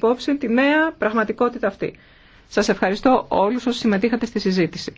υπόψη τη νέα πραγματικότητα αυτή. Σας ευχαριστώ όλους όσοι συμμετείχατε στη συζήτηση.